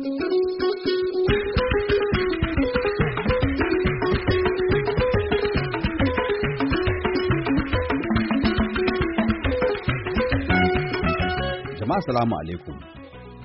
Jama'a salamu alaikum.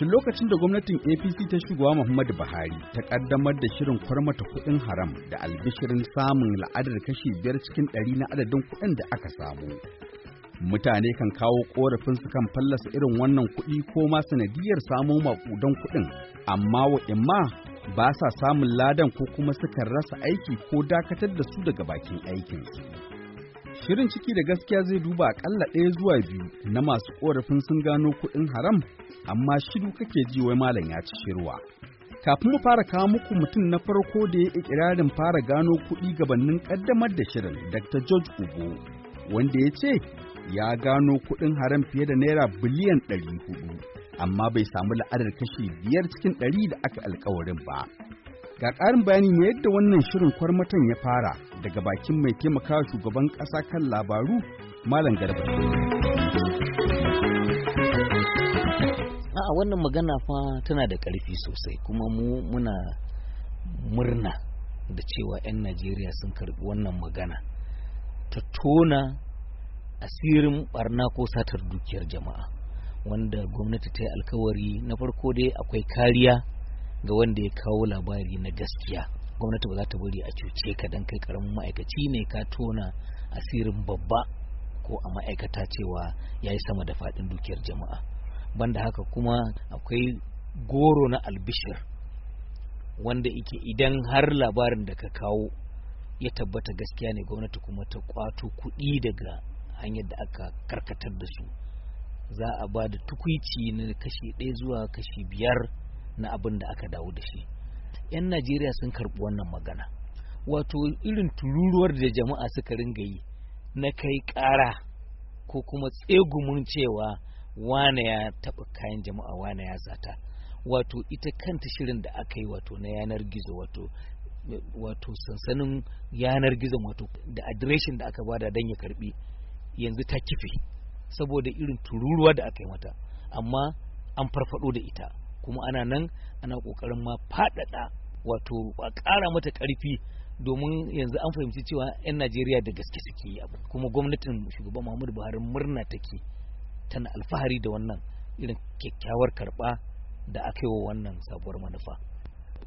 Tun lokacin da gwamnatin APC ta shugowa Muhammadu Buhari ta kaddamar da shirin kwarmata kuɗin haram da albishirin samun la'adar kashi biyar cikin ɗari na adadin kuɗin da aka samu. mutane kan kawo su kan fallasa irin wannan kuɗi ko ma sanadiyar samo maƙudan kuɗin amma wa'imma ba sa samun ladan ko kuma sukan rasa aiki ko dakatar da su daga bakin aikin shirin ciki da gaskiya zai duba akalla ɗaya zuwa biyu na masu korafin sun gano kuɗin haram amma shidu kake ji wai malam ya ci shirwa kafin mu fara kawo muku mutum na farko da ya ikirarin fara gano kuɗi gabanin ƙaddamar da shirin dr george ubu wanda ya ce ya gano kuɗin haram fiye da naira biliyan ɗari hudu, amma bai samu la'adar kashi biyar cikin ɗari da aka alkawarin ba. Ga ƙarin bayani ne yadda wannan shirin kwarmatan ya fara daga bakin mai taimakawa shugaban ƙasa kan labaru Malam Garba. A'a wannan magana fa tana da ƙarfi sosai kuma mu muna murna da cewa 'yan Najeriya sun karɓi wannan magana ta tona asirin barna ko satar dukiyar jama'a wanda gwamnati ta yi alkawari na farko dai akwai kariya ga wanda ya kawo labari na gaskiya gwamnati ba za ta bari a cuce ka dan kai karamin ma'aikaci ne ka tona asirin babba ko a ma'aikata cewa ya yi sama da faɗin dukiyar jama'a banda haka kuma akwai goro na albishir wanda ike idan har labarin da ka kawo ya tabbata gaskiya ne gwamnati kuma ta kwato kuɗi daga hanyar da aka karkatar da su za a ba da tukwici na kashi ɗaya zuwa kashi biyar na abin da aka dawo da shi 'yan najeriya sun karɓi wannan magana wato irin tururuwar da jama'a suka ringa yi na kai ƙara ko kuma tsegumin cewa wane ya taɓa kayan jama'a wane ya zata wato ita kanta shirin da aka yi wato na yanar gizo wato wato sansanin yanar gizon wato da adireshin da aka bada don ya karbi yanzu ta kife saboda irin tururuwa da aka yi mata amma an farfado da ita kuma ana nan ana kokarin ma faɗaɗa wato a ƙara mata ƙarfi domin yanzu an fahimci cewa 'yan najeriya da gaske suke yi abu kuma gwamnatin shugaban muhammadu buhari murna take tana alfahari da wannan irin kyakkyawar karɓa da aka yi wa wannan sabuwar manufa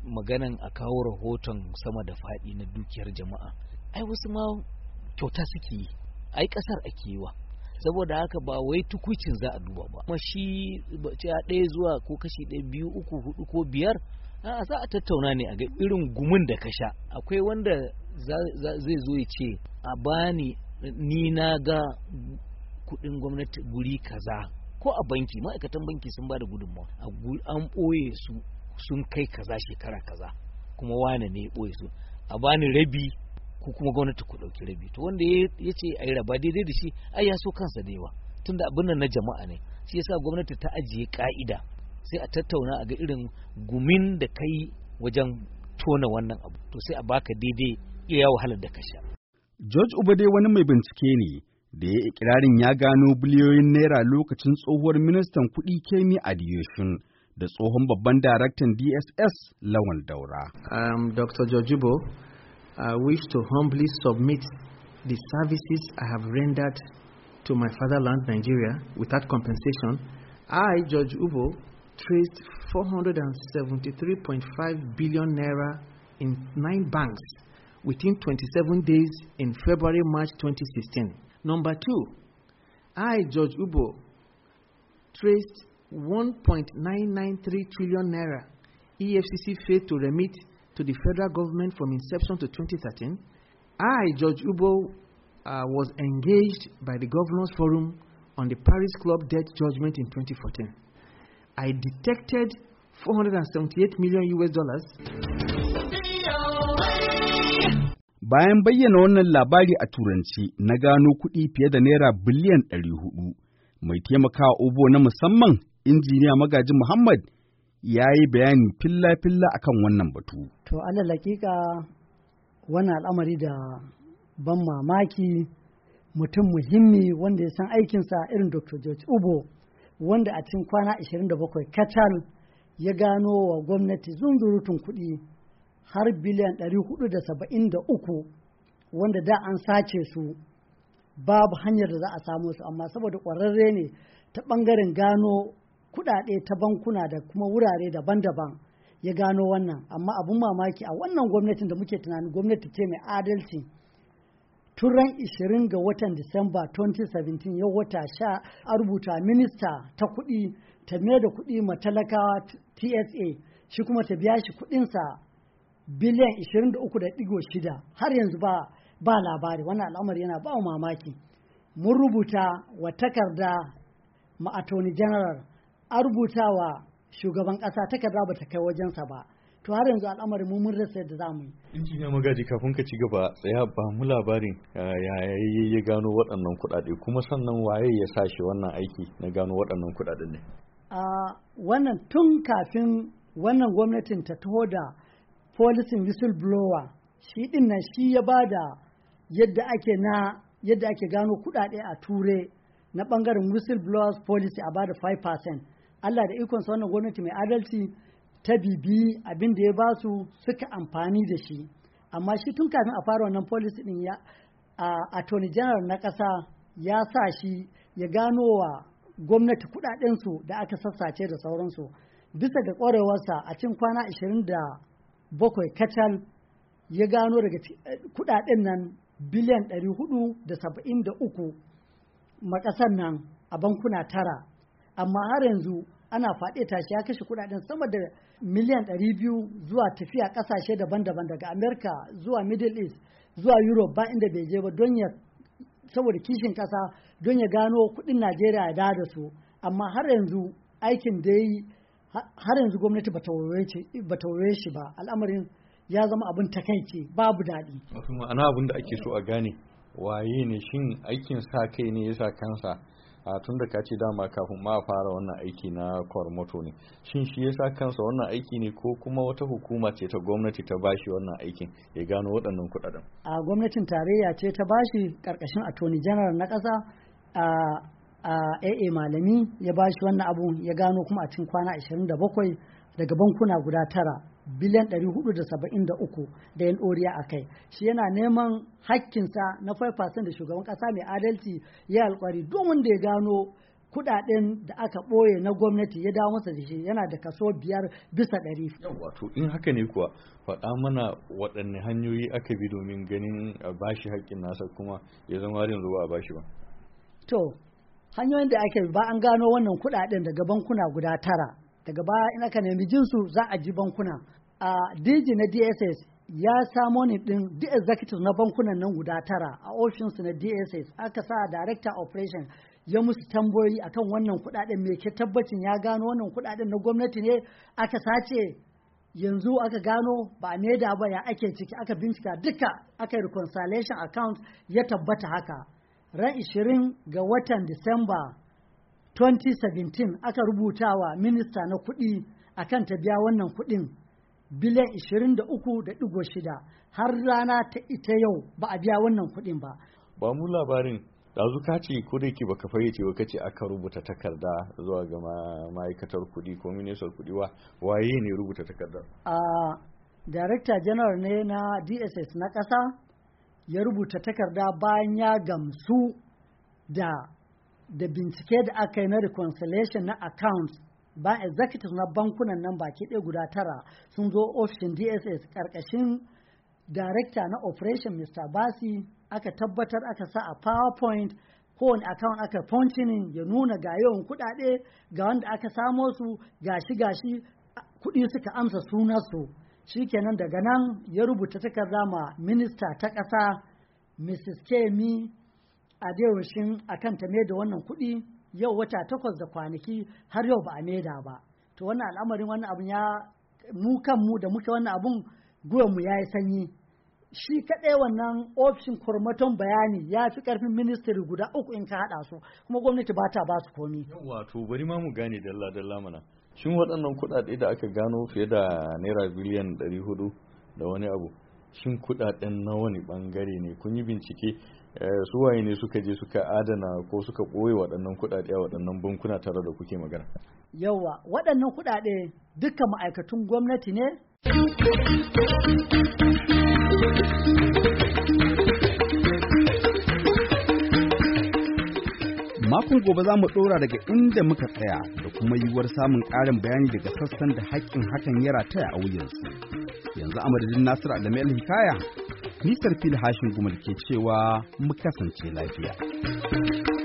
maganan a kawo rahoton sama da faɗi na dukiyar jama'a ai wasu ma kyauta suke yi ai kasar ake yi wa saboda haka ba wai tukucin za a duba ba kuma shi ya ɗaya zuwa ko kashi ɗaya biyu uku hudu ko biyar a za a tattauna ne a ga irin gumin da ka sha akwai wanda zai zo ya ce a bani ni na ga kudin gwamnati guri kaza ko a banki ma'aikatan banki sun ba da gudunmawa an ɓoye su sun kai kaza shekara kaza kuma wane ne ɓoye su a bani rabi ku kuma gwamnati ku ɗauki rabi to wanda ya ce a yi raba daidai da shi ai ya so kansa da yawa tunda abin nan na jama'a ne shi yasa gwamnati ta ajiye ka'ida sai a tattauna a ga irin gumin da kai wajen tona wannan abu to sai a baka daidai iya wahalar da ka sha George dai wani mai bincike ne da ya ikirarin ya gano biliyoyin naira lokacin tsohuwar ministan kuɗi Kemi Adiyoshin da tsohon babban daraktan DSS Lawan Daura. Um, Dr. Ibo. I wish to humbly submit the services I have rendered to my fatherland, Nigeria, without compensation. I, Judge Ubo, traced 473.5 billion naira in nine banks within 27 days in February March 2016. Number two, I, Judge Ubo, traced 1.993 trillion naira EFCC failed to remit to the federal government from inception to 2013, I, George Ubo, uh, was engaged by the Governors Forum on the Paris Club debt judgment in 2014. I detected 478 million US dollars. Bayan bayyana wannan labari a Turanci na gano kuɗi fiye da Naira biliyan 400 mai taimakawa obo na musamman injiniya magaji Muhammad ya yi bayani filla-filla akan wannan batu. to alal laƙiƙa wani al'amari da ban mamaki mutum muhimmi wanda ya san aikinsa irin dr george ubo wanda a cikin kwana 27 kacal ya gano wa gwamnati zunzurutun kuɗi har biliyan 473 wanda da an sace su babu hanyar da za a samu su amma saboda ƙwararre ne ta ɓangaren gano kuɗaɗe ta bankuna da kuma wurare daban-daban ya gano wannan amma abun mamaki a wannan gwamnatin da muke tunani gwamnati ce mai adalci turan 20 ga watan disamba 2017 yau wata sha a rubuta minista ta kuɗi ta mai da kuɗi ma talakawa tsa shi kuma ta biya shi kuɗinsa biliyan 23.6 har yanzu ba ba labari wannan al'amari yana ba mamaki mun rubuta wa takarda ma attorney general a rubuta wa shugaban ƙasa kaza ba ta kai wajensa ba to har yanzu al'amarin mu mun rasa yadda zamu yi injiniya magaji kafin ka ci gaba tsaya ba mu labarin yaya ya gano waɗannan kuɗaɗe kuma sannan waye ya sa shi wannan aiki na gano waɗannan kuɗaɗen ne a wannan tun kafin wannan gwamnatin ta taho da policing whistleblower shi din nan shi ya bada yadda ake na yadda ake gano kuɗaɗe a ture na ɓangaren whistleblowers policy a bada 5% Allah da ikon wannan gwamnati mai adalci ta bibi abin da ya ba su suka amfani da shi amma shi tun kafin a fara wannan policy din ya attorney general na ƙasa ya sa shi ya gano wa gwamnati kuɗaɗensu da aka sassace da sauransu bisa ga ƙwarewarsa a cikin kwana 27 kacal ya gano daga eh, kuɗaɗen nan biliyan 473 makasar nan a bankuna tara amma har yanzu ana faɗe tashi ya kashe kuɗaɗen sama da miliyan 200 zuwa tafiya ƙasashe daban-daban daga amerika zuwa middle east zuwa europe ba inda bai je ba don ya saboda kishin ƙasa don ya gano kuɗin najeriya ya da su amma har yanzu aikin da yi har yanzu gwamnati ba taurare shi ba al'amarin ya zama abin takaici babu daɗi. Wato ma'ana abin da ake so a gane waye ne shin aikin sa kai ne ya sa kansa a tun da kaci dama kafin ma fara wannan aiki na kwarmoto ne shin shi yasa kansa wannan aiki ne ko kuma wata hukuma ce ta gwamnati ta bashi wannan aikin ya gano waɗannan kuɗaɗen a gwamnatin tarayya ce ta bashi karkashin attorney general na ƙasa a a AA malami ya bashi wannan abun ya gano kuma a cikin kwana 27 daga bankuna guda tara biliyan 473 da yan ɗoriya a kai shi yana neman hakkinsa na 5% da shugaban ƙasa mai adalci ya alkwari domin da ya gano kudaden da aka ɓoye na gwamnati ya dawo masa da shi yana da kaso biyar bisa ɗari. wato in haka ne kuwa faɗa mana waɗanne hanyoyi aka bi domin ganin a bashi haƙƙin nasa kuma ya zama har yanzu ba a bashi ba. to hanyoyin da ake ba an gano wannan kudaden daga bankuna guda tara daga baya in aka nemi jinsu za a ji bankuna a dj na dss ya samo ni din di executive na bankunan nan guda tara a ofishinsu na dss aka sa director operation ya musu tambayoyi akan wannan kudaden me ke tabbacin ya gano wannan kudaden na gwamnati ne aka sace yanzu aka gano ba ne da ba ya ake ciki aka bincika duka aka reconciliation account ya tabbata haka ran 20 ga watan disamba 2017 aka rubuta wa minista na kudi akan ta biya wannan kudin biliyan 23.6 har rana ta ita yau ba a biya wannan kuɗin ba. Ba mu labarin ɗazu ka ce ko da yake baka fayyace ba kace aka rubuta takarda zuwa ga ma'aikatar kuɗi ko ministar kuɗi wa waye ne rubuta takardar? A Director General ne na DSS na ƙasa ya rubuta takarda bayan ya gamsu da da bincike da aka yi na reconciliation na accounts ba executive na bankunan nan baki ɗaya guda tara sun zo ofishin dss ƙarƙashin director na operation mr basi aka tabbatar aka sa a powerpoint kowane account aka functioning ya nuna ga yawan kuɗaɗe ga wanda aka samo su gashi gashi kuɗi suka amsa sunansu shikenan daga nan ya rubuta takarda ma minista ta ƙasa mrs kemi a akan ta da wannan kuɗi yau wata takwas da kwanaki har yau ba a maida ba to wannan al'amarin wannan abun ya mu kanmu da muke wannan abun mu ya yi sanyi shi kaɗai wannan ofishin kurmaton bayani ya fi ƙarfin ministry guda uku in ka haɗa su kuma gwamnati ba ta ba su komi. wato bari ma mu gane dalla dalla mana shin waɗannan kuɗaɗe da aka gano fiye da naira biliyan ɗari hudu da wani abu shin kuɗaɗen na wani ɓangare ne kun yi bincike Eh, su waye ne suka je suka adana ko suka ɓoye waɗannan kuɗaɗe a waɗannan bankuna tare da kuke magana yawa waɗannan kuɗaɗe duka ma'aikatun gwamnati ne makon gobe za mu ɗora daga inda muka tsaya da kuma yiwuwar samun ƙarin bayani daga sassan da haƙƙin hakan ya rataya a wuyansu yanzu a madadin nasiru adamu hikaya Mr. Phil hashin gumal ke cewa mu kasance lafiya.